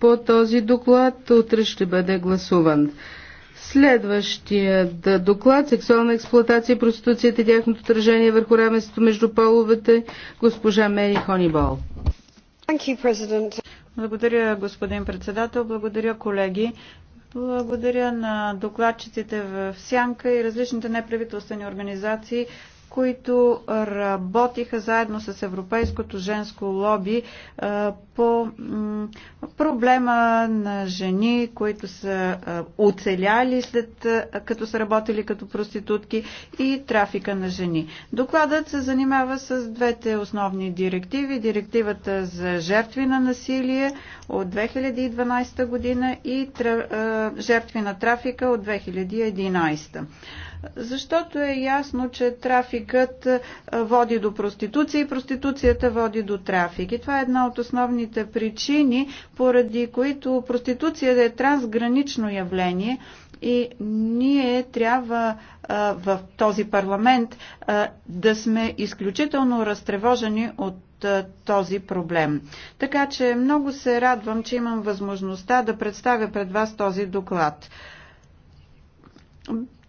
по този доклад. Утре ще бъде гласуван. Следващият доклад сексуална експлуатация, проституцията и тяхното отражение върху равенството между половете, госпожа Мери Хонибол. Благодаря, господин председател. Благодаря, колеги. Благодаря на докладчиците в Сянка и различните неправителствени организации, които работиха заедно с Европейското женско лоби по проблема на жени, които са оцеляли след като са работили като проститутки и трафика на жени. Докладът се занимава с двете основни директиви. Директивата за жертви на насилие от 2012 година и жертви на трафика от 2011 защото е ясно, че трафикът води до проституция и проституцията води до трафик. И това е една от основни основните причини, поради които проституцията е трансгранично явление и ние трябва а, в този парламент а, да сме изключително разтревожени от този проблем. Така че много се радвам, че имам възможността да представя пред вас този доклад.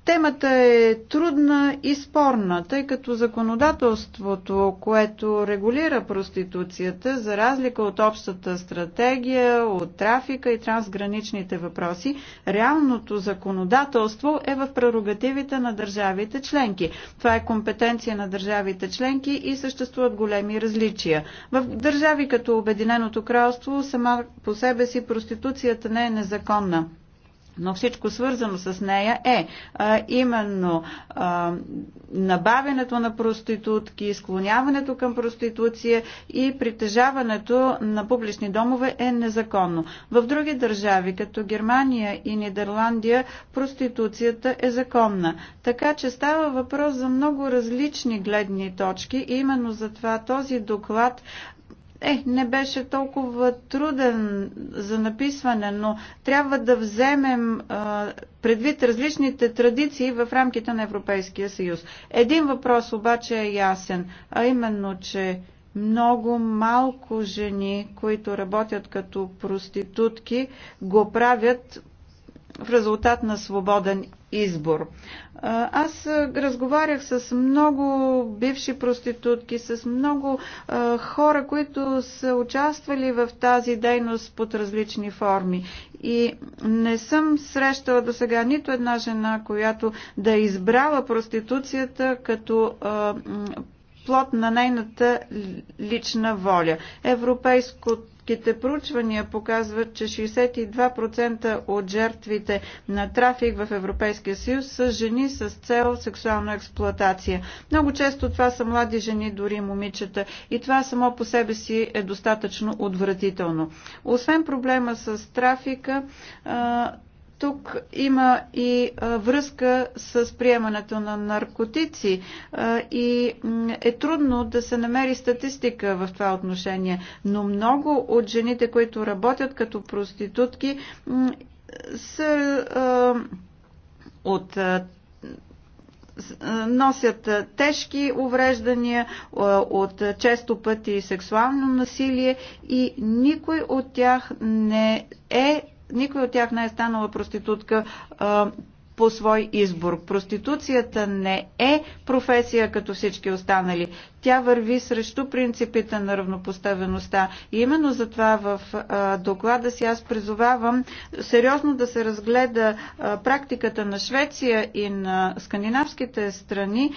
Темата е трудна и спорна, тъй като законодателството, което регулира проституцията, за разлика от общата стратегия, от трафика и трансграничните въпроси, реалното законодателство е в прерогативите на държавите членки. Това е компетенция на държавите членки и съществуват големи различия. В държави като Обединеното кралство сама по себе си проституцията не е незаконна но всичко свързано с нея е а, именно а, набавянето на проститутки, склоняването към проституция и притежаването на публични домове е незаконно. В други държави, като Германия и Нидерландия, проституцията е законна. Така че става въпрос за много различни гледни точки и именно затова този доклад е, не беше толкова труден за написване, но трябва да вземем а, предвид различните традиции в рамките на Европейския съюз. Един въпрос обаче е ясен, а именно, че много малко жени, които работят като проститутки, го правят в резултат на свободен избор. Аз разговарях с много бивши проститутки, с много хора, които са участвали в тази дейност под различни форми. И не съм срещала до сега нито една жена, която да избрава е избрала проституцията като плод на нейната лична воля. Европейското Статистическите проучвания показват, че 62% от жертвите на трафик в Европейския съюз са жени с цел сексуална експлоатация. Много често това са млади жени, дори момичета и това само по себе си е достатъчно отвратително. Освен проблема с трафика, тук има и връзка с приемането на наркотици и е трудно да се намери статистика в това отношение, но много от жените, които работят като проститутки, са от носят тежки увреждания от често пъти сексуално насилие и никой от тях не е никой от тях не е станала проститутка а, по свой избор. Проституцията не е професия като всички останали тя върви срещу принципите на равнопоставеността. И именно затова в доклада си аз призовавам сериозно да се разгледа практиката на Швеция и на скандинавските страни,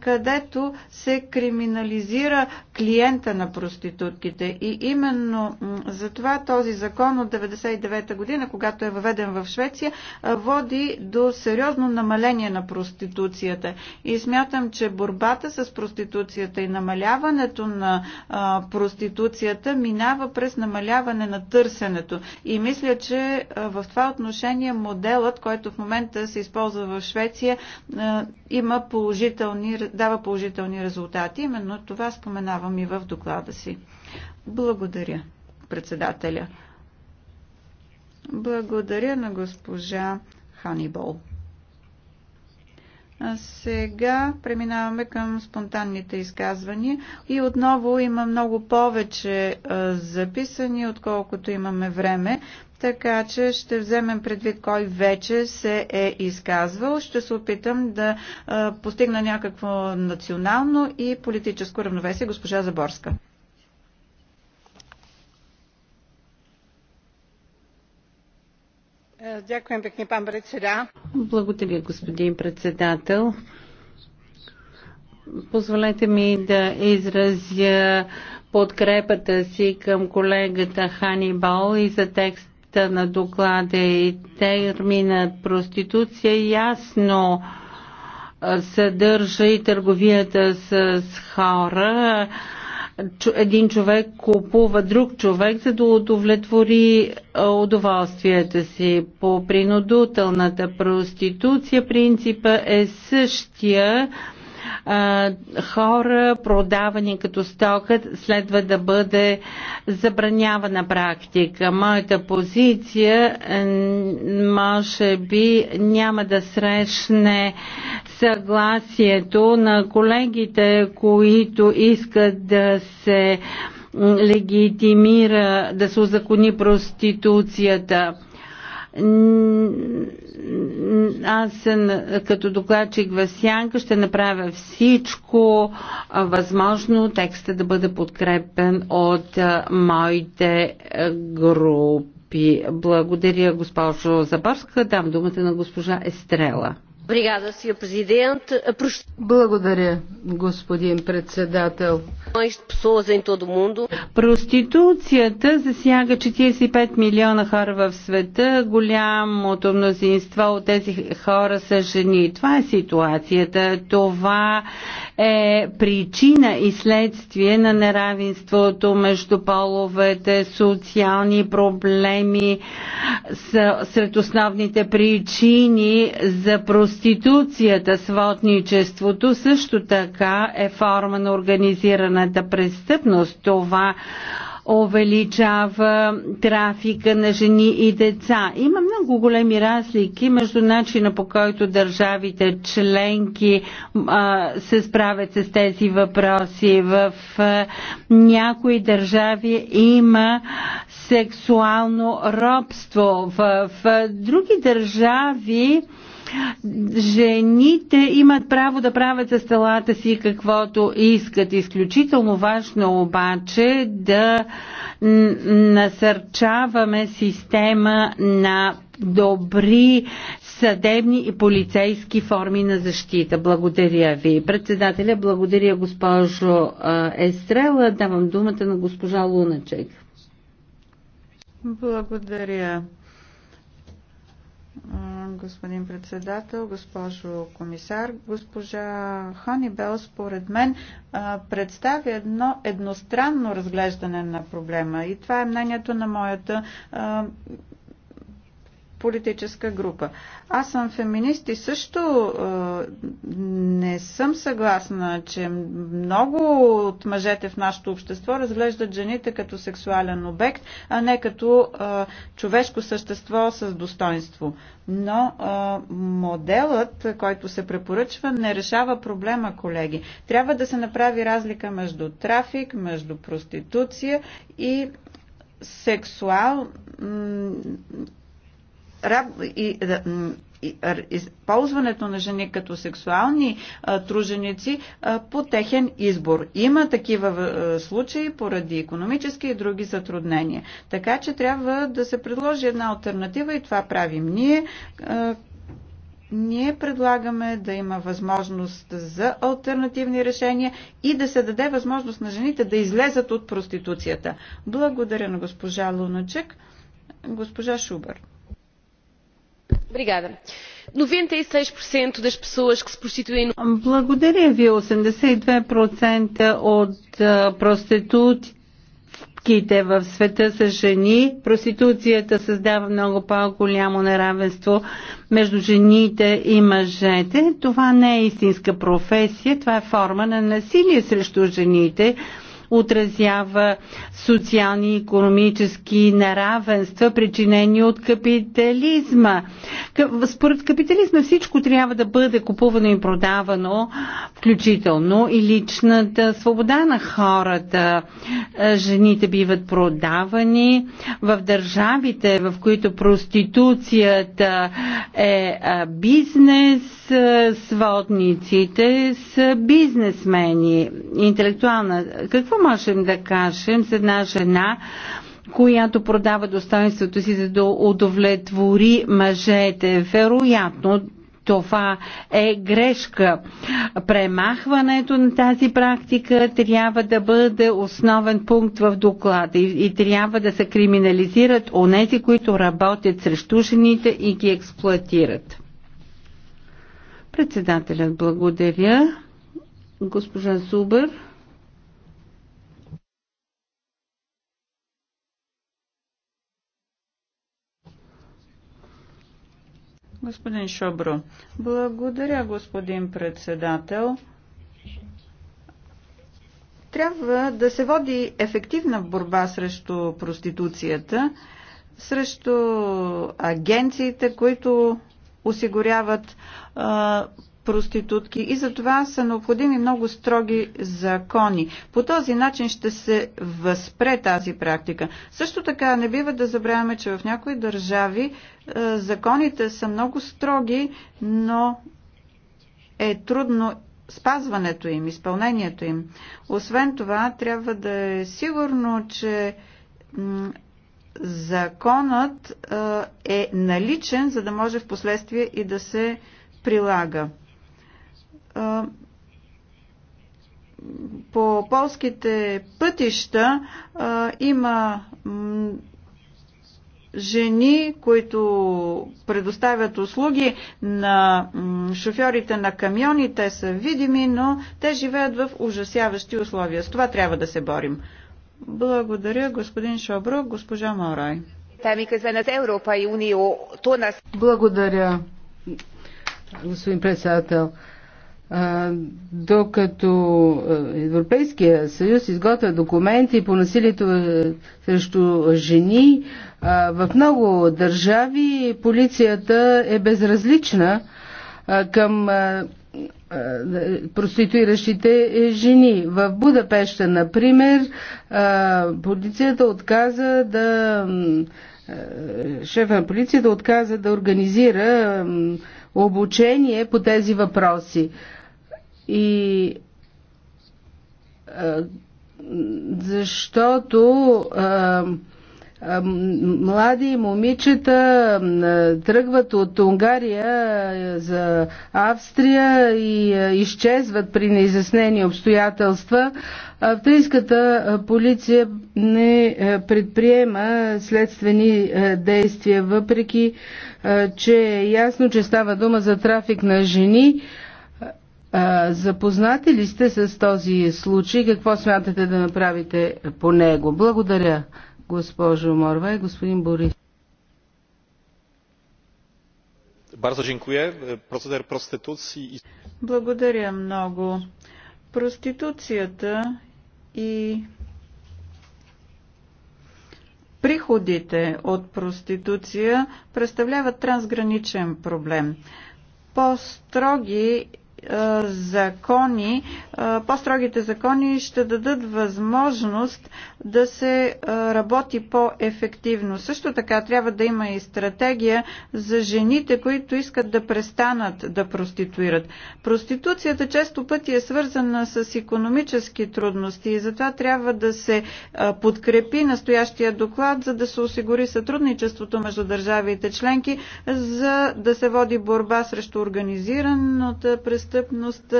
където се криминализира клиента на проститутките. И именно затова този закон от 1999 година, когато е въведен в Швеция, води до сериозно намаление на проституцията. И смятам, че борбата с проституцията и намаляването на а, проституцията минава през намаляване на търсенето. И мисля, че а, в това отношение моделът, който в момента се използва в Швеция, а, има положителни, дава положителни резултати. Именно това споменавам и в доклада си. Благодаря, председателя. Благодаря на госпожа Ханибол. Сега преминаваме към спонтанните изказвания и отново има много повече записани, отколкото имаме време, така че ще вземем предвид кой вече се е изказвал. Ще се опитам да постигна някакво национално и политическо равновесие, госпожа Заборска. Благодаря, господин председател. Позволете ми да изразя подкрепата си към колегата Ханибал и за текста на доклада и терминът проституция ясно съдържа и търговията с хора един човек купува друг човек, за да удовлетвори удоволствията си. По принудителната проституция принципа е същия хора, продавани като стокът, следва да бъде забранявана практика. Моята позиция може би няма да срещне съгласието на колегите, които искат да се легитимира, да се озакони проституцията. Аз като докладчик в Сянка ще направя всичко възможно текста да бъде подкрепен от моите групи. Благодаря, госпожо Забарска. Дам думата на госпожа Естрела. Благодаря, господин председател. Проституцията засяга 45 милиона хора в света. Голямото мнозинство от тези хора са жени. Това е ситуацията. Това е причина и следствие на неравенството между половете, социални проблеми са сред основните причини за проституцията Проституцията, сводничеството също така е форма на организираната престъпност. Това увеличава трафика на жени и деца. Има много големи разлики между начина по който държавите членки а, се справят с тези въпроси. В а, някои държави има сексуално робство. В, в други държави а, Жените имат право да правят с телата си каквото искат. Изключително важно е обаче да насърчаваме система на добри съдебни и полицейски форми на защита. Благодаря ви. Председателя, благодаря госпожо Естрела. Давам думата на госпожа Луначек. Благодаря господин председател, госпожо комисар. Госпожа Ханибел, според мен, представя едно едностранно разглеждане на проблема. И това е мнението на моята политическа група. Аз съм феминист и също е, не съм съгласна, че много от мъжете в нашето общество разглеждат жените като сексуален обект, а не като е, човешко същество с достоинство. Но е, моделът, който се препоръчва, не решава проблема, колеги. Трябва да се направи разлика между трафик, между проституция и сексуал раб, и, и, ползването на жени като сексуални а, труженици а, по техен избор. Има такива а, случаи поради економически и други затруднения. Така че трябва да се предложи една альтернатива и това правим ние. А, ние предлагаме да има възможност за альтернативни решения и да се даде възможност на жените да излезат от проституцията. Благодаря на госпожа Луначек, госпожа Шубър. E Благодаря ви. 82% от проститутките в света са жени. Проституцията създава много по-голямо неравенство между жените и мъжете. Това не е истинска професия, това е форма на насилие срещу жените отразява социални и економически неравенства, причинени от капитализма. Според капитализма всичко трябва да бъде купувано и продавано, включително и личната свобода на хората. Е, жените биват продавани в държавите, в които проституцията е, е бизнес, е, сводниците са бизнесмени. Интелектуална. Какво можем да кажем за една жена, която продава достоинството си, за да удовлетвори мъжете. Вероятно, това е грешка. Премахването на тази практика трябва да бъде основен пункт в доклада и, и трябва да се криминализират онези, които работят срещу жените и ги експлуатират. Председателят благодаря. Госпожа Зубър. Господин Шобро, благодаря, господин председател. Трябва да се води ефективна борба срещу проституцията, срещу агенциите, които осигуряват а, проститутки и за това са необходими много строги закони. По този начин ще се възпре тази практика. Също така не бива да забравяме, че в някои държави е, законите са много строги, но е трудно спазването им, изпълнението им. Освен това, трябва да е сигурно, че законът е, е наличен, за да може в последствие и да се прилага по полските пътища а, има жени, които предоставят услуги на шофьорите на камиони. Те са видими, но те живеят в ужасяващи условия. С това трябва да се борим. Благодаря, господин Шобро, госпожа Морай. Благодаря, господин председател докато Европейския съюз изготвя документи по насилието срещу жени, в много държави полицията е безразлична към проституиращите жени. В Будапеща, например, полицията отказа да шефа на полицията отказа да организира обучение по тези въпроси. И защото млади момичета тръгват от Унгария за Австрия и изчезват при неизяснени обстоятелства. Австрийската полиция не предприема следствени действия, въпреки че е ясно, че става дума за трафик на жени. Запознати ли сте с този случай? Какво смятате да направите по него? Благодаря, госпожо Морва и господин Борис. Благодаря много. Проституцията и приходите от проституция представляват трансграничен проблем. По-строги закони, по-строгите закони ще дадат възможност да се работи по-ефективно. Също така трябва да има и стратегия за жените, които искат да престанат да проституират. Проституцията често пъти е свързана с економически трудности и затова трябва да се подкрепи настоящия доклад, за да се осигури сътрудничеството между държавите членки, за да се води борба срещу организираната престъпност престъпност,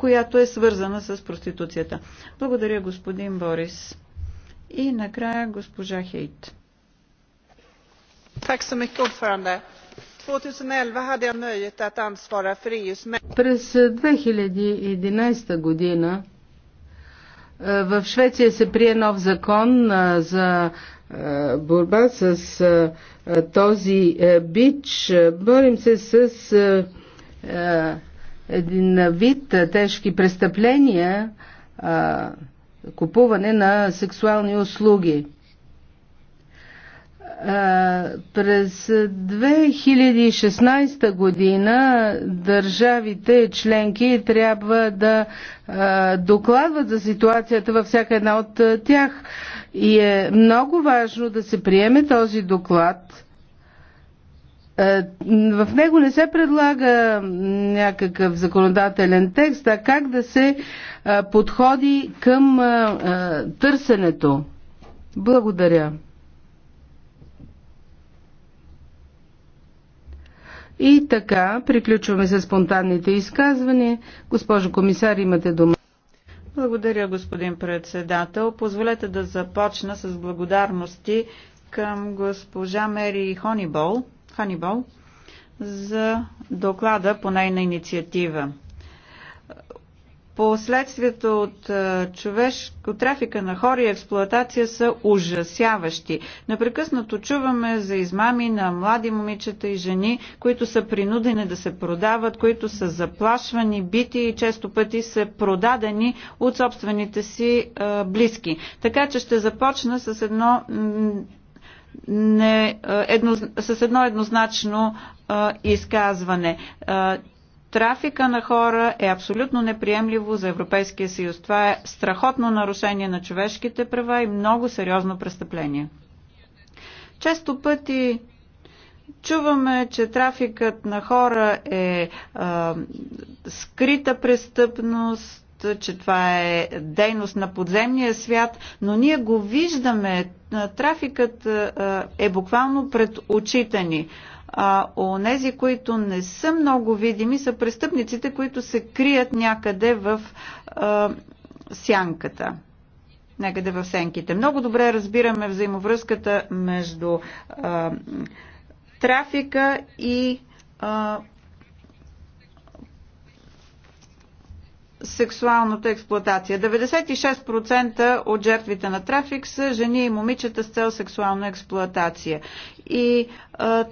която е свързана с проституцията. Благодаря, господин Борис. И накрая госпожа Хейт. 2011 През 2011 е, година е, в Швеция се прие нов закон е, за борба с този бич. Борим се с един вид тежки престъпления, купуване на сексуални услуги. През 2016 година държавите членки трябва да докладват за ситуацията във всяка една от тях. И е много важно да се приеме този доклад е, в него не се предлага някакъв законодателен текст, а как да се е, подходи към е, търсенето. Благодаря. И така, приключваме с спонтанните изказвания. Госпожо комисар, имате дума. Благодаря, господин председател. Позволете да започна с благодарности към госпожа Мери Хонибол, Ханибал за доклада по нейна инициатива. Последствията от, е, човеш... трафика на хора и експлоатация са ужасяващи. Непрекъснато чуваме за измами на млади момичета и жени, които са принудени да се продават, които са заплашвани, бити и често пъти са продадени от собствените си е, близки. Така че ще започна с едно не, едно, с едно еднозначно а, изказване. А, Трафика на хора е абсолютно неприемливо за Европейския съюз. Това е страхотно нарушение на човешките права и много сериозно престъпление. Често пъти чуваме, че трафикът на хора е а, скрита престъпност, че това е дейност на подземния свят, но ние го виждаме. Трафикът е буквално пред очите ни. А онези, които не са много видими, са престъпниците, които се крият някъде в а, сянката някъде в сенките. Много добре разбираме взаимовръзката между а, трафика и сексуалната експлоатация. 96% от жертвите на трафик са жени и момичета с цел сексуална експлоатация. И а,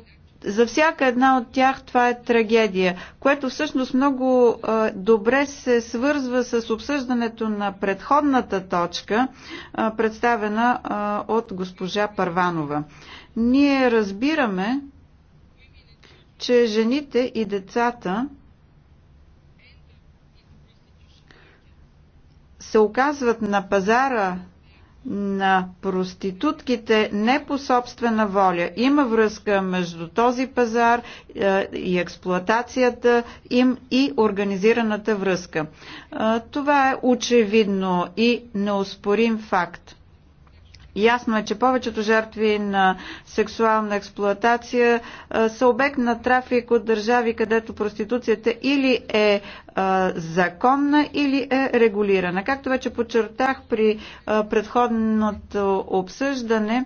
за всяка една от тях това е трагедия, което всъщност много а, добре се свързва с обсъждането на предходната точка, а, представена а, от госпожа Парванова. Ние разбираме, че жените и децата се оказват на пазара на проститутките не по собствена воля. Има връзка между този пазар е, и експлоатацията им и организираната връзка. Е, това е очевидно и неоспорим факт. Ясно е, че повечето жертви на сексуална експлоатация са обект на трафик от държави, където проституцията или е законна или е регулирана. Както вече подчертах при предходното обсъждане,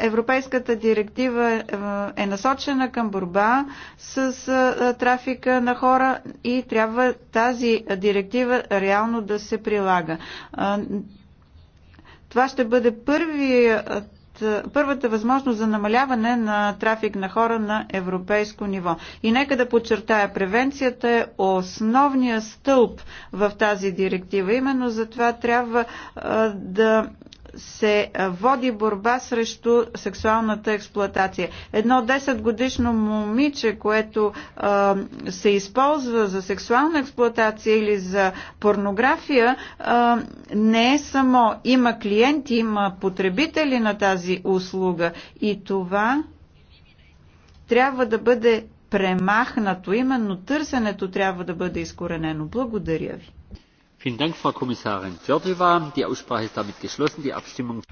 Европейската директива е, е насочена към борба с трафика на хора и трябва тази директива реално да се прилага. Това ще бъде първият първата възможност за намаляване на трафик на хора на европейско ниво. И нека да подчертая, превенцията е основният стълб в тази директива. Именно за това трябва да се води борба срещу сексуалната експлоатация. Едно 10 годишно момиче, което а, се използва за сексуална експлоатация или за порнография, а, не е само. Има клиенти, има потребители на тази услуга и това трябва да бъде премахнато. Именно търсенето трябва да бъде изкоренено. Благодаря ви.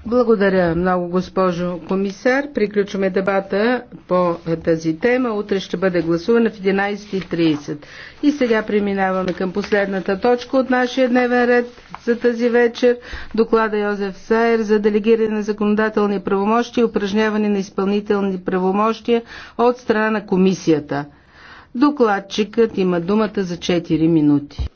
Благодаря много, госпожо комисар. Приключваме дебата по тази тема. Утре ще бъде гласувана в 11.30. И сега преминаваме към последната точка от нашия дневен ред за тази вечер. Доклада Йозеф Сайер за делегиране на законодателни правомощи и упражняване на изпълнителни правомощия от страна на комисията. Докладчикът има думата за 4 минути.